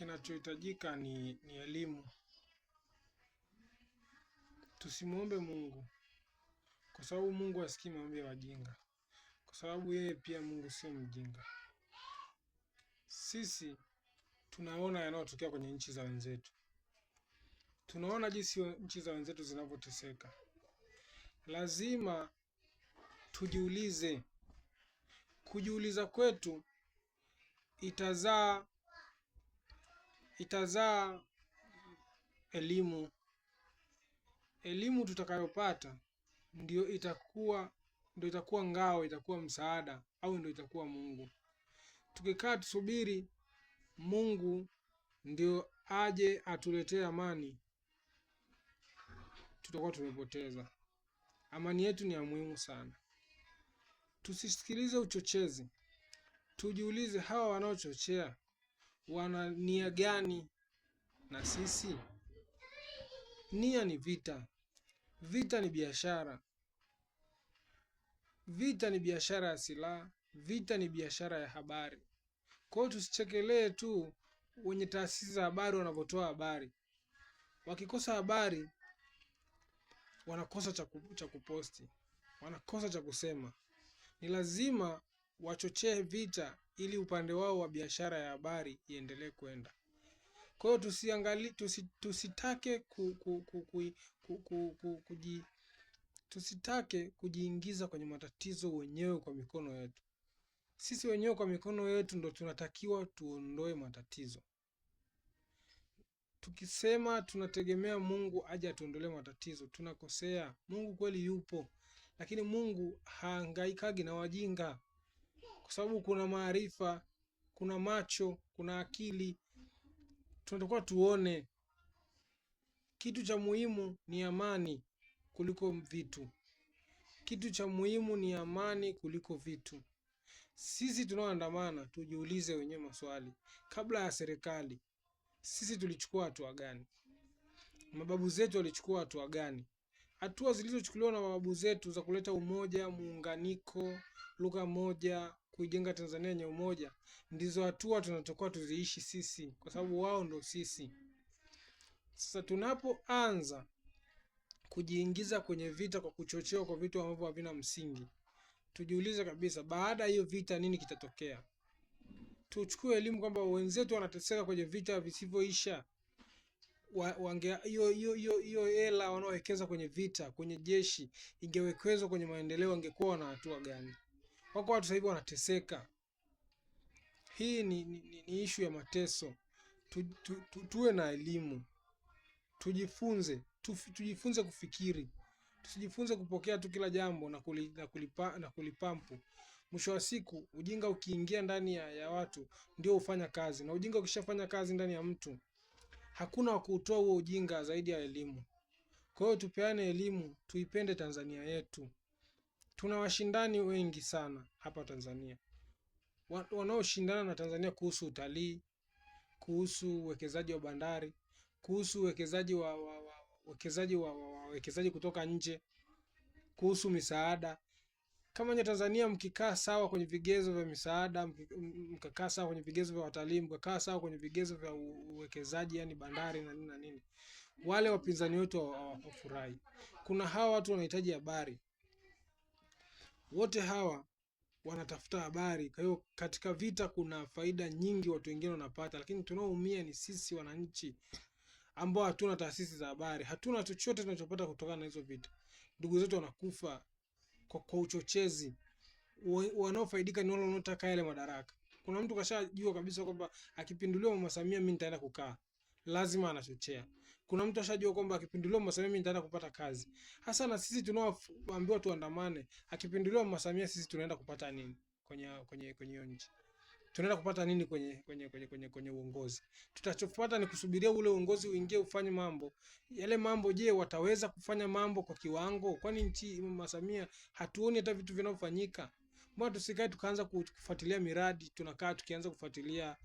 kinachohitajika ni, ni elimu. Tusimwombe Mungu kwa sababu Mungu hasikii maombi ya wajinga, kwa sababu yeye pia Mungu sio mjinga. Sisi tunaona yanayotokea kwenye nchi za wenzetu, tunaona jinsi nchi za wenzetu zinavyoteseka. Lazima tujiulize, kujiuliza kwetu itazaa itazaa elimu. Elimu tutakayopata ndio itakuwa ndio itakuwa ngao, itakuwa msaada, au ndio itakuwa Mungu. Tukikaa tusubiri Mungu ndio aje atuletee amani, tutakuwa tumepoteza amani. Yetu ni ya muhimu sana. Tusisikilize uchochezi, tujiulize, hawa wanaochochea wana nia gani na sisi? Nia ni vita, vita ni biashara, vita ni biashara ya silaha, vita ni biashara ya habari. Kwa hiyo tusichekelee tu wenye taasisi za habari wanavyotoa habari. Wakikosa habari, wanakosa cha kuposti, wanakosa cha kusema. Ni lazima wachochee vita ili upande wao wa biashara ya habari iendelee kwenda. Kwa hiyo tusiangalie, tusi, tusitake ku, ku, ku, ku, ku, ku, ku, kuji, tusitake kujiingiza kwenye matatizo wenyewe kwa mikono yetu. Sisi wenyewe kwa mikono yetu ndo tunatakiwa tuondoe matatizo. Tukisema tunategemea Mungu aje atuondolee matatizo, tunakosea. Mungu kweli yupo, lakini Mungu haangaikagi na wajinga kwa sababu kuna maarifa, kuna macho, kuna akili. tunatakiwa tuone kitu cha muhimu ni amani kuliko vitu. Kitu cha muhimu ni amani kuliko vitu. Sisi tunaoandamana tujiulize wenyewe maswali kabla ya serikali. Sisi tulichukua hatua gani? Mababu zetu walichukua hatua gani? Hatua zilizochukuliwa na mababu zetu za kuleta umoja, muunganiko, lugha moja, kuijenga Tanzania yenye umoja ndizo hatua tunatakuwa tuziishi sisi, kwa sababu wao ndo sisi. Sasa tunapoanza kujiingiza kwenye vita kwa kuchochewa kwa vitu ambavyo havina msingi, tujiulize kabisa, baada ya hiyo vita nini kitatokea? Tuchukue elimu kwamba wenzetu wanateseka kwenye vita visivyoisha hiyo hela wanaowekeza kwenye vita, kwenye jeshi, ingewekezwa kwenye maendeleo, wangekuwa na hatua gani? Wako watu sasa hivi wanateseka. Hii ni, ni, ni ishu ya mateso. Tu, tu, tu, tuwe na elimu, tujifunze tu, tujifunze kufikiri, tusijifunze kupokea tu kila jambo na, kuli, na, kulipa, na kulipampu. Mwisho wa siku ujinga ukiingia ndani ya, ya watu ndio hufanya kazi, na ujinga ukishafanya kazi ndani ya mtu hakuna wa huo ujinga zaidi ya elimu. Kwa hiyo tupeane elimu, tuipende Tanzania yetu tuna washindani wengi sana hapa Tanzania wanaoshindana na Tanzania kuhusu utalii, kuhusu uwekezaji wa bandari, kuhusu uwekezaji wa wawekezaji wa, wa, wa, wa, kutoka nje, kuhusu misaada. Kama nye Tanzania mkikaa sawa kwenye vigezo vya misaada, mkakaa sawa kwenye vigezo vya watalii, mkakaa sawa kwenye vigezo vya uwekezaji, yani bandari na nini na nini, wale wapinzani wetu hawafurahi. Kuna hawa watu wanahitaji habari wote hawa wanatafuta habari. Kwa hiyo katika vita kuna faida nyingi watu wengine wanapata, lakini tunaoumia ni sisi wananchi ambao hatuna taasisi za habari, hatuna chochote tunachopata kutokana na hizo vita. Ndugu zetu wanakufa kwa, kwa uchochezi. Wanaofaidika ni wale wanaotaka yale madaraka. Kuna mtu kashajua kabisa kwamba akipinduliwa Mama Samia, mimi nitaenda kukaa lazima anachochea. Kuna mtu ashajua kwamba akipinduliwa Mama Samia mimi nitaenda kupata kazi, hasa na sisi tunaoambiwa tuandamane, akipinduliwa Mama Samia sisi tunaenda kupata nini kwenye kwenye kwenye hiyo nchi? Tunaenda kupata nini kwenye kwenye kwenye kwenye kwenye uongozi? Tutachopata ni kusubiria ule uongozi uingie ufanye mambo yale mambo. Je, wataweza kufanya mambo kwa kiwango? Kwani nchi Mama Samia hatuoni hata vitu vinavyofanyika? Mbona tusikae tukaanza kufuatilia miradi, tunakaa tukianza kufuatilia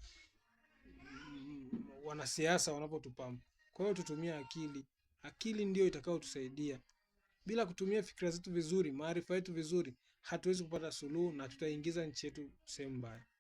wanasiasa wanapotupamba. Kwa hiyo tutumie akili, akili ndio itakayotusaidia. Bila kutumia fikra zetu vizuri, maarifa yetu vizuri, hatuwezi kupata suluhu na tutaingiza nchi yetu sehemu mbaya.